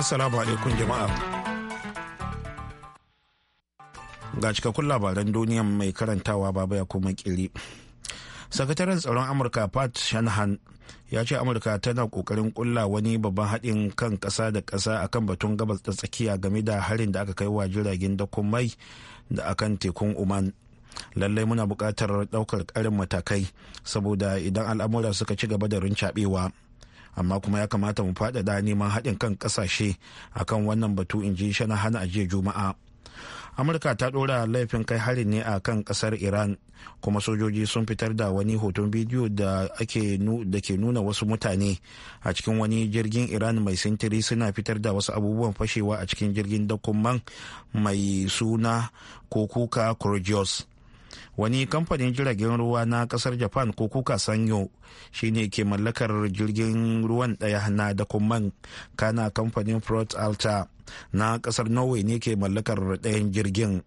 Assalamu alaikum jama'a. Ga cikakkun labaran duniya mai karantawa baba ya kuma kiri. Sakataren tsaron Amurka Pat Shanahan ya ce Amurka tana kokarin kulla wani babban haɗin kan ƙasa da ƙasa akan batun gabas da tsakiya game da harin da aka kai wa jiragen da mai da akan tekun Oman. Lallai muna buƙatar ɗaukar ƙarin matakai saboda idan al'amura suka ci gaba da rincaɓewa. amma kuma ya kamata mu faɗaɗa neman haɗin kan ƙasashe kan wannan batu in ji shanahan a jiya juma'a amurka ta ɗora laifin kai harin ne a kan ƙasar iran kuma sojoji sun fitar da wani hoton bidiyo da ke nuna wasu mutane a cikin wani jirgin iran mai sintiri suna fitar da wasu abubuwan fashewa a cikin jirgin dakon mai suna kokuka kurgios wani kamfanin jiragen ruwa na kasar japan ko kuka sanyo shine ke mallakar jirgin ruwan daya na da kumman kana kamfanin frot alta na kasar norway ne ke mallakar dayan jirgin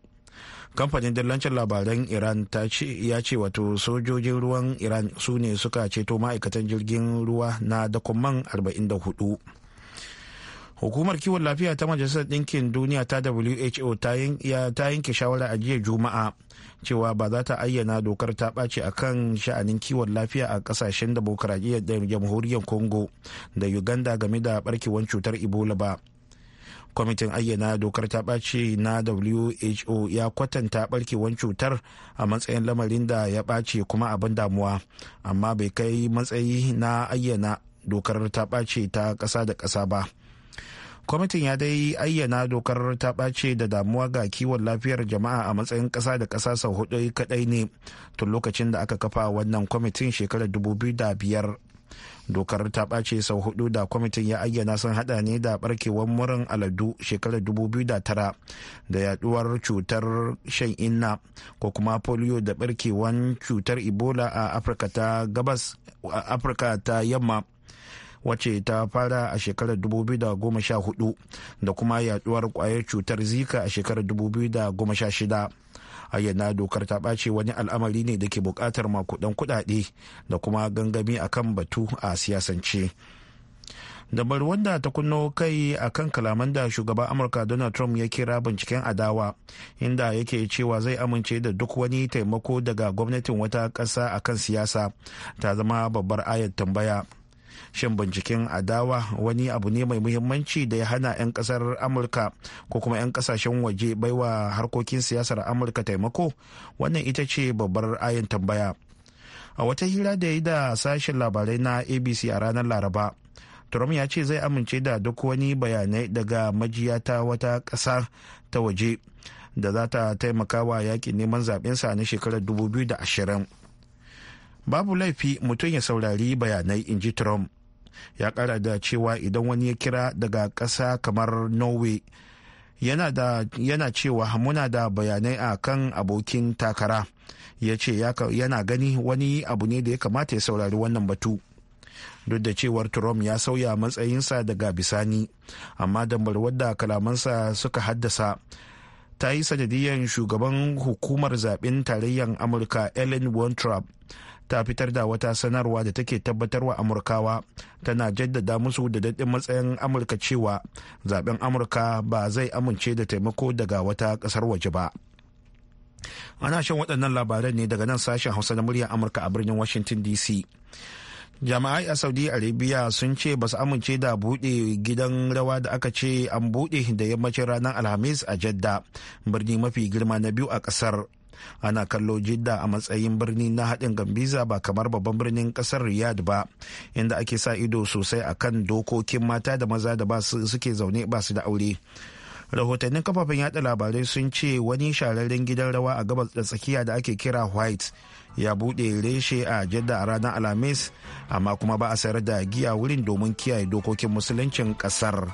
kamfanin dillancin labaran iran ta ce ya ce wato sojojin ruwan iran su ne suka ceto ma'aikatan jirgin ruwa na dakuman 44 hukumar kiwon lafiya ta majalisar ɗinkin duniya ta who ta yanke shawara a jiya juma'a cewa ba za ta ayyana dokar ta ɓace a kan sha'anin kiwon lafiya a ƙasashen da jamhuriyar congo da uganda game da ɓarkewar cutar ebola ba kwamitin ayyana dokar ta ɓace na who ya kwatanta ɓarkewar cutar a matsayin lamarin da ya ɓace kuma abin damuwa amma bai kai matsayi na ayyana dokar ta ɓace ta ƙasa da ƙasa ba. kwamitin ya dai ayyana dokar ta bace da damuwa ga kiwon lafiyar jama'a a matsayin ƙasa da ƙasa sau hudu kaɗai ne tun lokacin da aka kafa wannan kwamitin shekarar 2005 dokar ta ɓace sau hudu da kwamitin ya ayyana sun hada ne da barkewar murin aladu shekarar 2009 da yaduwar cutar shan inna ko kuma polio da barkewar cutar ebola a afirka ta gabas afirka ta yamma wacce ta fara a shekarar 2014 da kuma yaduwar kwayar cutar zika a shekarar 2016 ayyana dokar ta ɓace wani al'amari ne da ke buƙatar makudan kuɗaɗe da kuma gangami akan batu a siyasance. dabar wanda ta kunno kai a kan kalaman da shugaban amurka donald trump ya kira binciken adawa inda yake cewa zai amince da duk wani taimako daga gwamnatin wata ƙasa akan siyasa ta zama babbar ayar tambaya shin binciken adawa wani abu ne mai muhimmanci da ya hana 'yan kasar amurka ko kuma 'yan kasashen waje baiwa harkokin siyasar amurka taimako wannan ita ce babbar ayin tambaya a wata hira da ya yi da sashen labarai na abc a ranar laraba trump ya ce zai amince da duk wani bayanai daga majiya ta wata ƙasa ta waje da za ta taimaka wa yakin neman zaɓensa na shekarar 2020 babu laifi mutum ya saurari bayanai in ji trump ya kara da cewa idan wani ya kira daga ƙasa kamar norway yana, da, yana cewa muna da bayanai a kan abokin takara ya ce yana gani wani abu ne da ya kamata ya saurari wannan batu duk da cewar trump ya sauya matsayinsa daga bisani amma da kalamansa suka haddasa ta yi sanadiyar shugaban hukumar zaben tarayyar amurka ellen wontrap ta fitar da wata sanarwa da take tabbatarwa amurkawa tana jaddada musu da daɗin matsayin amurka cewa zaben amurka ba zai amince da taimako daga wata kasar waje ba ana shan waɗannan labaran ne daga nan sashen hausa na muryar amurka a birnin washington dc jama'ai a saudi arabia sun ce ba su amince da buɗe gidan rawa da aka ce an buɗe da yammacin ranar alhamis a jadda birni mafi girma na biyu a ƙasar ana kallo jidda a matsayin birni na haɗin gambiza ba kamar babban birnin ƙasar riyad ba inda ake sa ido sosai akan dokokin mata da maza da suke zaune ba su da aure rahotannin kafafen yada labarai sun ce wani shararren gidan rawa a gabas da tsakiya da ake kira white ya bude reshe a jadda a ranar alhamis amma kuma ba a sayar da giya wurin domin kiyaye dokokin musuluncin kasar.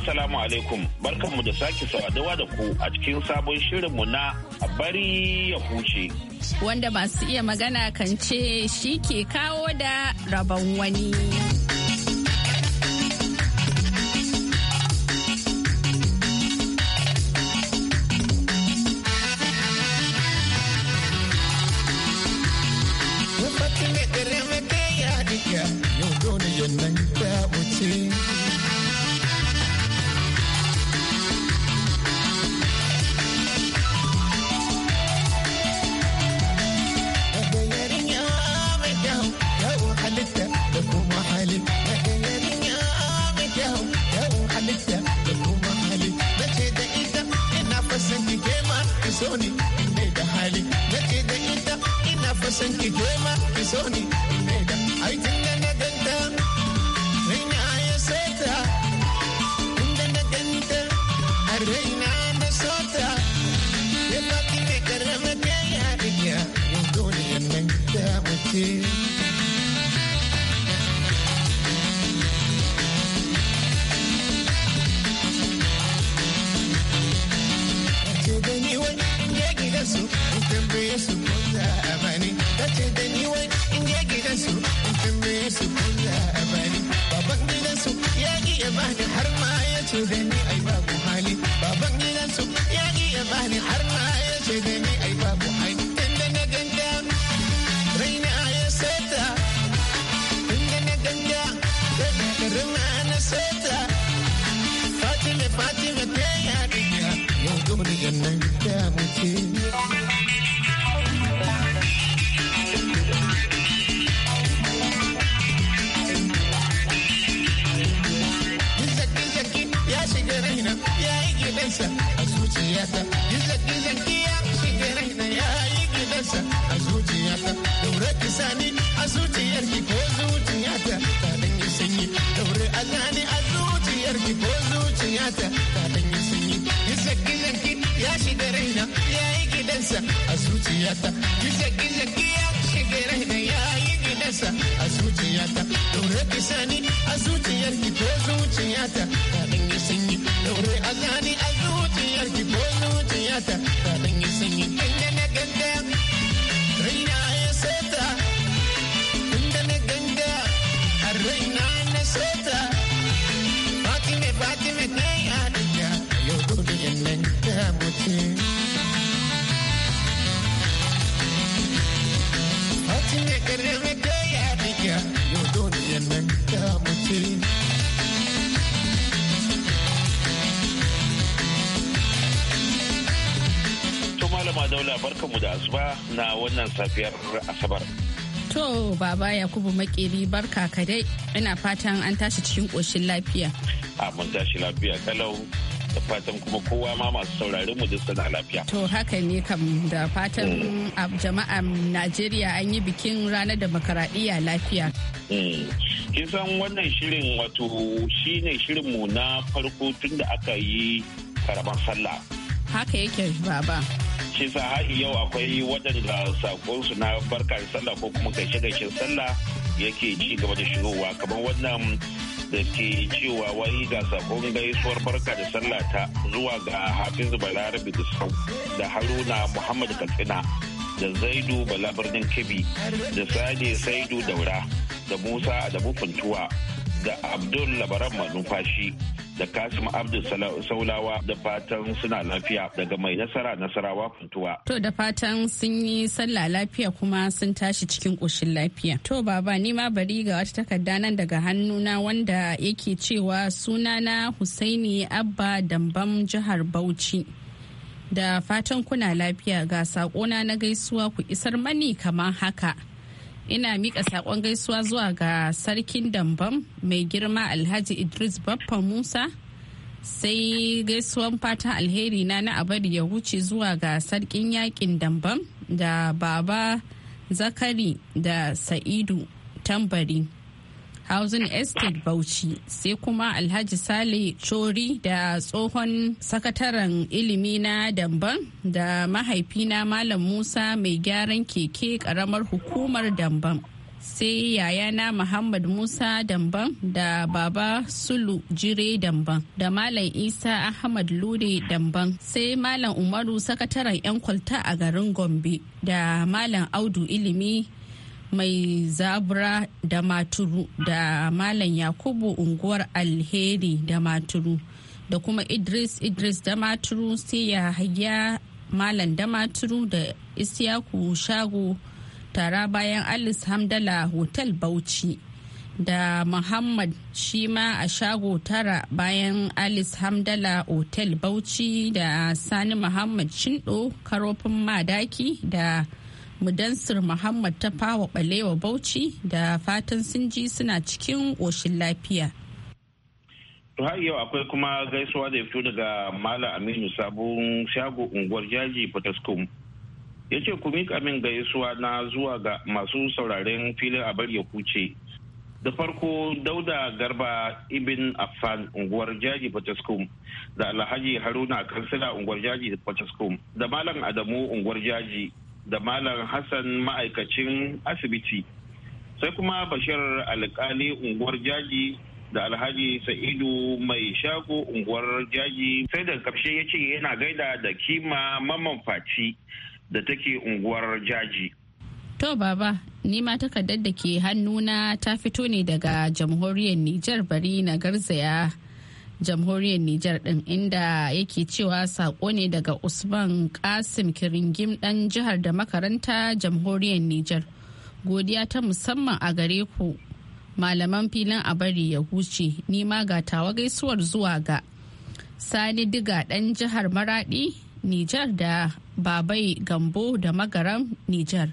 Assalamu alaikum barkanmu da sake sawadawa da ku a cikin sabon shirinmu na bari ya huce. Wanda masu iya magana kan ce shi ke kawo da rabon wani. Saturday. barkanmu da asuba na wannan safiyar asabar. To baba Yakubu Makeri barka ka dai ina fatan an tashi cikin koshin lafiya. A mun tashi lafiya kalau da fatan kuma kowa ma masu saurare mu duk suna lafiya. To haka ne kam da fatan jama'a Najeriya an yi bikin ranar demokaradiyya lafiya. Mm. Kin san wannan shirin wato shi ne mu na farko tunda aka yi karamar sallah. Haka yake baba. shi sa har yau akwai waɗanda su na farka da sallah ko kuma gaishe gaishe sallah yake ci gaba da shigowa kamar wannan da ke cewa wai ga sakon gaisuwar barka da sallah ta zuwa ga hafizu balarabi da sau da haruna muhammad katsina da zaidu bala birnin kebbi da sade saidu daura da musa da bufuntuwa da abdul labaran manufashi da kasim abdul saulawa da fatan suna lafiya daga mai nasara nasarawa funtuwa to da fatan sun yi sallah lafiya kuma sun tashi cikin ƙoshin lafiya to baba ni ma bari ga wata takarda nan daga hannuna wanda yake cewa sunana husaini abba dambam jihar bauchi da fatan kuna lafiya ga sakona na gaisuwa ku isar mani kamar haka ina mika sakon gaisuwa zuwa ga sarkin dambam mai girma alhaji idris baffa musa sai gaisuwan fatan alheri na na abadi ya wuce zuwa ga sarkin yakin dambam da baba zakari da sa'idu tambari housing estate bauchi sai kuma alhaji sale chori da tsohon sakataren ilimi na damban da mahaifina malam musa mai gyaran keke karamar hukumar damban sai yayana muhammad musa damban da baba sulu jire damban da malam isa ahmad lude damban sai malam umaru sakataren yan kwalta a garin gombe da malam audu ilimi mai zabura da maturu da malam yakubu unguwar alheri da maturu da kuma idris idris da maturu sai ya hagiya malam da maturu da isyaku shago tara bayan alice hamdala hotel bauchi da muhammad shi ma a shago tara bayan alice hamdala hotel bauchi da sani muhammad shindo karofin madaki da mudansir muhammad ta fawa balewa bauchi da fatan sun ji suna cikin ƙoshin lafiya to har yau akwai kuma gaisuwa da ya fito daga malam aminu sabon shago unguwar jaji fataskum ya ce ku mika min gaisuwa na zuwa ga masu sauraren filin a bari ya kuce da farko dauda garba ibn affan unguwar jaji fataskum da alhaji haruna kansila unguwar jaji fataskum da malam adamu unguwar jaji da malam hassan ma'aikacin asibiti sai kuma bashir alkali unguwar jaji da alhaji sa'idu mai shago unguwar jaji sai da karshe ya ce yana gaida da kima mamman fati da take unguwar jaji to baba ni ma takardar da ke hannuna ta fito ne daga jamhuriyar nijar bari na garzaya jamhuriyar Nijar ɗin inda yake cewa sako ne daga Usman Kasim Kiringim dan jihar da makaranta jamhuriyar Nijar. Godiya ta musamman a gare ku malaman filin a bari ya huce ni ma ga tawa gaisuwar zuwa ga Sani Diga dan jihar maradi Nijar da Babai Gambo da Magaram Nijar.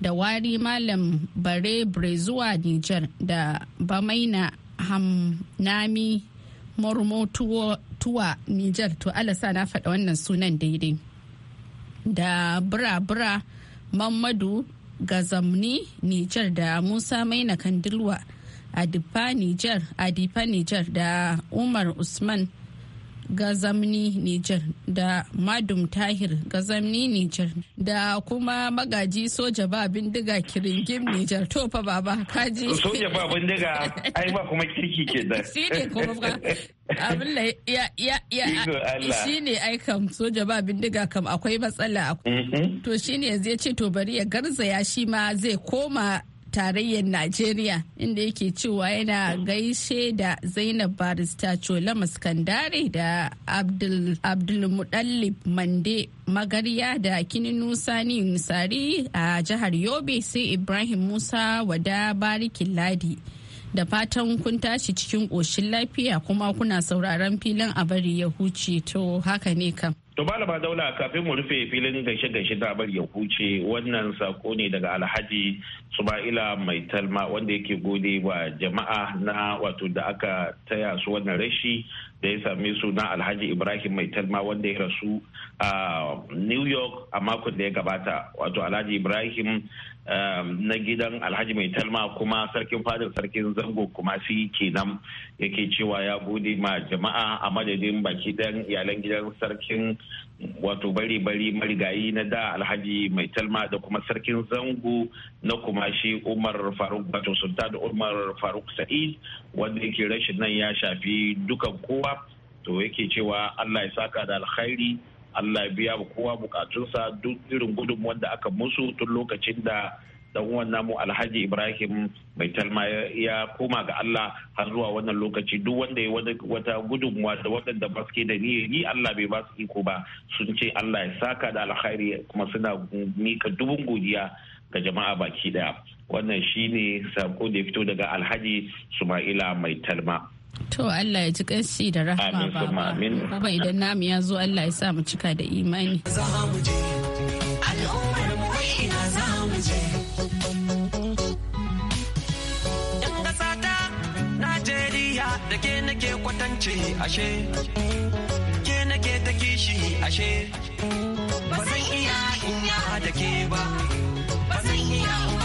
da wari malam bare brezuwa nijar da bamaina hamnami tuwa Nijar to alasa na faɗa wannan sunan daidai. Da bura-bura Mamadu Gazamni Nijar da Musa Maina Kandilwa Adipa Nijar Adipa Nijar da Umar Usman gazamni niger da madum tahir gazamni niger da kuma magaji soja ba bindiga kiringim niger to fa baba kaji soja ba bindiga ai ba kuma kirki ke da shi ne kuma abin da ya ya ya shi ne ai kam soja ba bindiga kam akwai matsala mhm. to shi ne zai ce to bari ya garzaya shi ma zai koma tarayyar Najeriya inda yake cewa yana gaishe da Zainab Barista Chola Maskandare da Abdul Abdulmuɗallib Mande Magarya da Kininu Sani Nusari a jihar Yobe sai Ibrahim Musa Wada Barikin Ladi. Da fatan kun tashi cikin ƙoshin lafiya kuma kuna sauraron filin a bari ya huce to haka ne kam. To malama daula kafin mu rufe filin gaishe-gaishe da bar ya huce wannan sako ne daga alhaji Suba'ila mai talma wanda yake gode wa jama'a na wato da aka taya su wannan rashi da ya same su na alhaji Ibrahim mai talma wanda ya rasu a New York a makon da ya gabata wato alhaji Ibrahim Um, na gidan alhaji mai talma kuma sarkin fadar sarkin zango kuma shi kenan yake cewa ya gode ma jama'a a madadin baki ɗan iyalan gidan sarkin wato bari bari marigayi na da alhaji mai talma da kuma sarkin zango na kuma shi umar faruk wato sultan umar faruk sa'id wanda yake rashin nan ya shafi dukan kowa to yake cewa allah ya saka da alkhairi Allah ya biya kowa bukatunsa duk irin gudunmuwar da aka musu tun lokacin da dan uwan namu Alhaji Ibrahim mai talma ya koma ga Allah har zuwa wannan lokaci duk wanda ya wata gudunmuwa da waɗanda ba su ke da niyyar ni Allah bai ba su iko ba sun ce Allah ya saka da alkhairi kuma suna mika dubun godiya ga jama'a baki daya wannan shine sako da ya fito daga Alhaji Sumaila mai talma. To Allah ya ji ƙansi da rahama baba. Kuma idan namu ya zo Allah ya sa mu cika da imani. kwatance ashe. ta kishi Ba zan iya da ke ba. Ba zan iya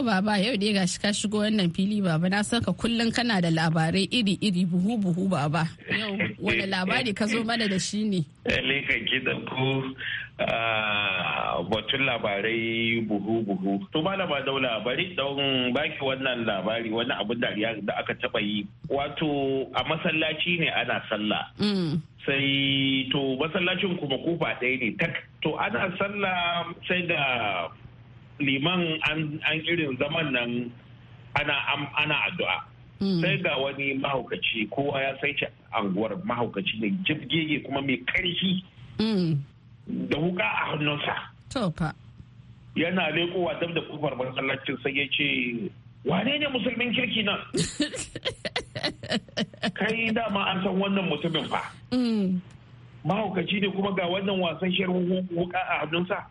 To baba yau dai gashi ka shigo wannan fili baba na saka kullum kana da labarai iri-iri buhu-buhu baba. Yau wani labari ka zo mana da shi ne? ka kiɗan ko ah, batun labarai buhu-buhu. To malama daula bari don baki wannan labari wani abin dariya da aka taɓa yi. Wato a masallaci ne ana sallah. Mm. Sai to masallacin kuma kofa ɗaya ne tak. To ana sallah sai da liman an irin zaman nan ana addu'a mm. sai ga wani mahaukaci kowa ya sai ce anguwar mahaukaci ne jirgege kuma mai karfi mm. da wuka a hannunsa yana lekowa dab da kofar masallacin sai ya ce wane ne musulmin kirki nan kai dama an san wannan mutumin fa mm. mahaukaci ne kuma ga wannan wasan shirin wuka a hannunsa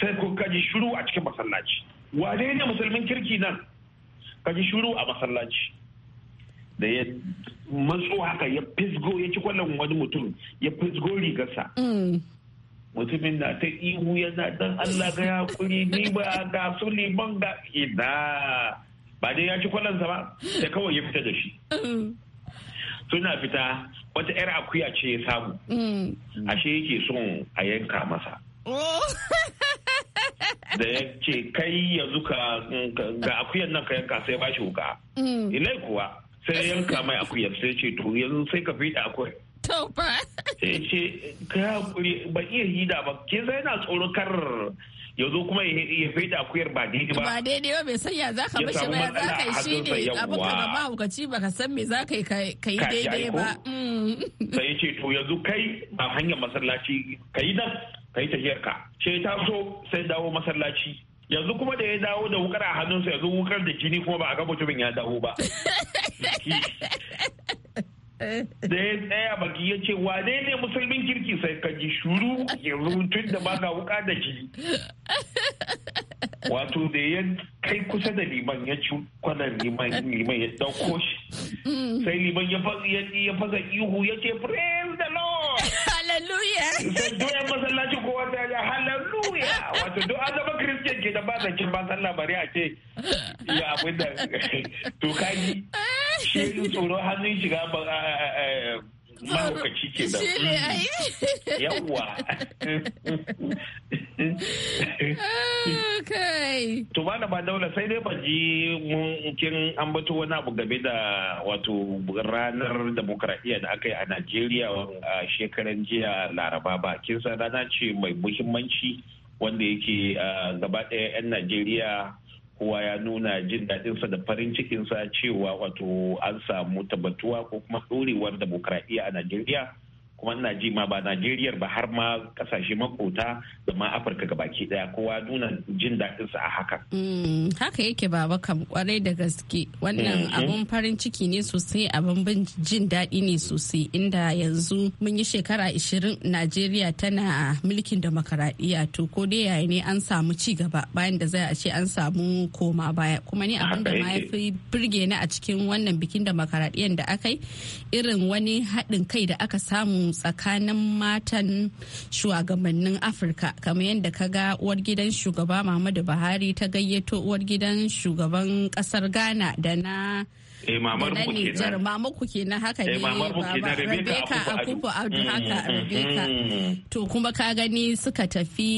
sai ko ka ji shiru a cikin masallaci wane ne musulmin kirki nan ka ji shiru a masallaci da ya matso haka ya fisgo ya ci kwallon wani mutum ya fisgo rigarsa mm. mutumin na ta ihu yana dan Allah ga kuri ni ba ga su liman ga ina ba dai ya ci sa ba sai kawai ya fita da shi mm. suna fita wata 'yar akuya ce ya samu mm. ashe yake son a yanka masa oh. da ya ce kai yanzu ka ga akuyan nan ka yanka sai ba shi wuka mm. Ina kuwa sai yanka mai akuyar sai ce to yanzu sai ka fi da kyau ba. Sai ce, ka hakuri ba iya hida ba, ke sai yana tsoron kar yanzu kuma ya da akuyar ba daidai ba. Ba daidai ba bai sanya za ka mishi ba za ka yi shi ne abin da ba hukaci ba ka san me za ka yi ka yi daidai ba. Mm. Sai ce to yanzu kai ba hanyar masallaci ka yi nan ka yi tafiyar ka sai ta so sai dawo masallaci yanzu kuma da ya dawo da wukar a hannunsa yanzu wukar da jini kuma ba a ga mutumin ya dawo ba da ya tsaya baki ya ce wane ne musulmin kirki sai ka ji shuru yanzu tun da ba ka wuka da jini wato da ya kai kusa da liman ya ci kwanan liman liman ya dauko shi mm. sai liman ya fasa ihu ya ce praise the lord Hallelujah. Duk yan masallaci kowa ta ya hallelujah. Wato duk an zama Christian ke da ba da kin ba sallah bari a ce ya abin da to kaji shi tsoro hannun shiga eh, eh, eh, mahaukaci ke da yawwa kai to ba daula sai dai ban ji mun kin wani abu game da wato ranar demokradiyya da aka yi a Najeriya a shekaran jiya Laraba ba kin rana ce mai muhimmanci wanda yake gaba ɗaya 'yan Najeriya kowa ya nuna jin daɗinsa da farin cikinsa cewa wato an samu tabbatuwa ko kuma ɗorewar demokradiyya a najeriya kuma ina ji ma ba Najeriya ba har ma kasashe makota da ma Afirka gabaki daya kowa nuna jin daɗin sa a haka. Mm, haka yake baba kam kwarai da gaske wannan mhm. abun farin ciki ne sosai abun bin jin daɗi ne sosai inda yanzu mun yi shekara 20 Najeriya tana mulkin demokaradiyya to ko dai yaya ne an samu ci gaba bayan da zai a ce an samu koma baya kuma ni abin da ma fi birge ni a cikin wannan bikin demokaradiyyan da aka yi irin wani haɗin kai da aka samu tsakanin matan shugabannin afirka kamar yadda ka ga uwar gidan shugaba muhammadu buhari ta gayyato uwar gidan shugaban kasar ghana da na Eh mamar mu kenan. Mamar ku kenan haka eh, ne. Eh mamar mu kenan Rebecca Akufo mm, haka mm, rebeka. Mm. To kuma ka gani suka tafi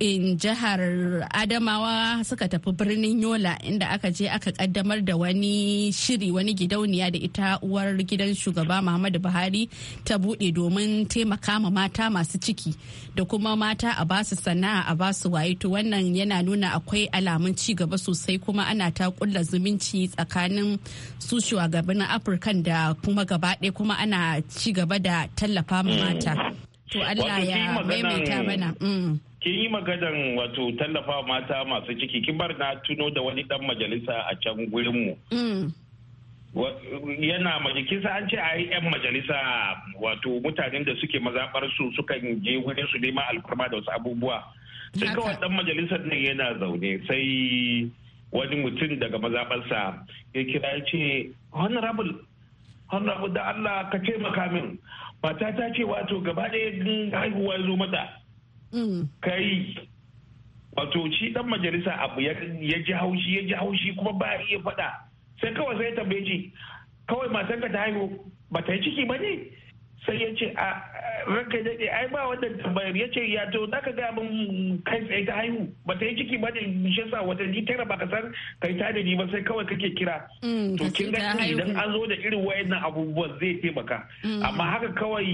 in jihar Adamawa suka tafi birnin Yola inda aka je aka kaddamar da wani shiri wani gidauniya da ita uwar gidan shugaba Muhammadu Buhari ta bude domin taimaka ma mata masu ciki da kuma mata a basu sana'a a basu waye to wannan yana nuna akwai alamun ci gaba sosai kuma ana ta zumunci tsakanin su shugabannin afirkan da kuma gaba ɗaya kuma ana ci gaba da tallafa mata mm. to allah ya maimaita mana mm. kin yi maganan wato tallafa mata masu ciki kin bar na tuno da wani dan majalisa a can gurinmu mm. yana majalisa an ce a yi 'yan majalisa wato mutanen da suke mazaɓar su sukan je wurin su nema alfarma da wasu abubuwa sai kawai dan majalisar nan yana zaune sai wani mutum daga mazaɓarsa ya kira ya ce honorable honorable da Allah ka taimaka min mata ta ce wato gaba ɗaya haihuwa zo mata mm. kai wato shi dan majalisa abu ya ji haushi ya ji haushi kuma ba iya faɗa sai kawai sai tambaye ji kawai matanka ta haihu ba ta yi ciki ba ne sai ya ce a ranka daɗe ai ba wannan tambayar ya ce ya to za ka ga min kai tsaye ta haihu ba ta yi ciki ba da shi sa watanni tara ba ka san kai ta da ba sai kawai kake kira mm, to kin ga idan an zo da irin wayannan abubuwan zai taimaka mm. amma haka kawai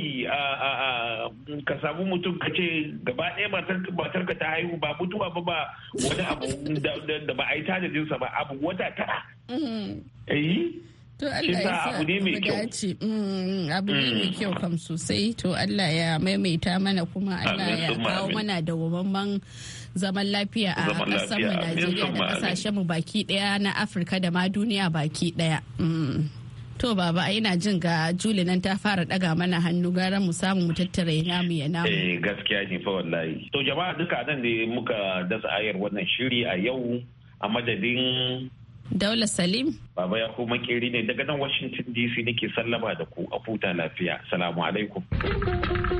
ka samu mutum ka ce gaba ɗaya matar ka ta haihu ba mutuwa ba ba wani abu da ba a yi tadadinsa ba abu wata tara mm. eh? To Allah ya abu ne mai kyau. Mm, abu ne mai mm. kyau kam sosai. To Allah ya maimaita mana kuma Allah ya kawo mana da wamman zaman lafiya a ƙasar mu Najeriya da ƙasashen mu baki ɗaya na Afirka da ma duniya baki ɗaya. Mm. To baba a ina jin ga Juli nan ta fara daga mana hannu gara mu samu mu tattara ya namu ya namu. Eh gaskiya ne fa wallahi. To jama'a duka nan ne muka dasa ayar wannan shiri a yau a madadin Daula Salim. Baba ya kuma kiri ne daga nan Washington DC nake sallama da ku a futa lafiya. Salamu alaikum.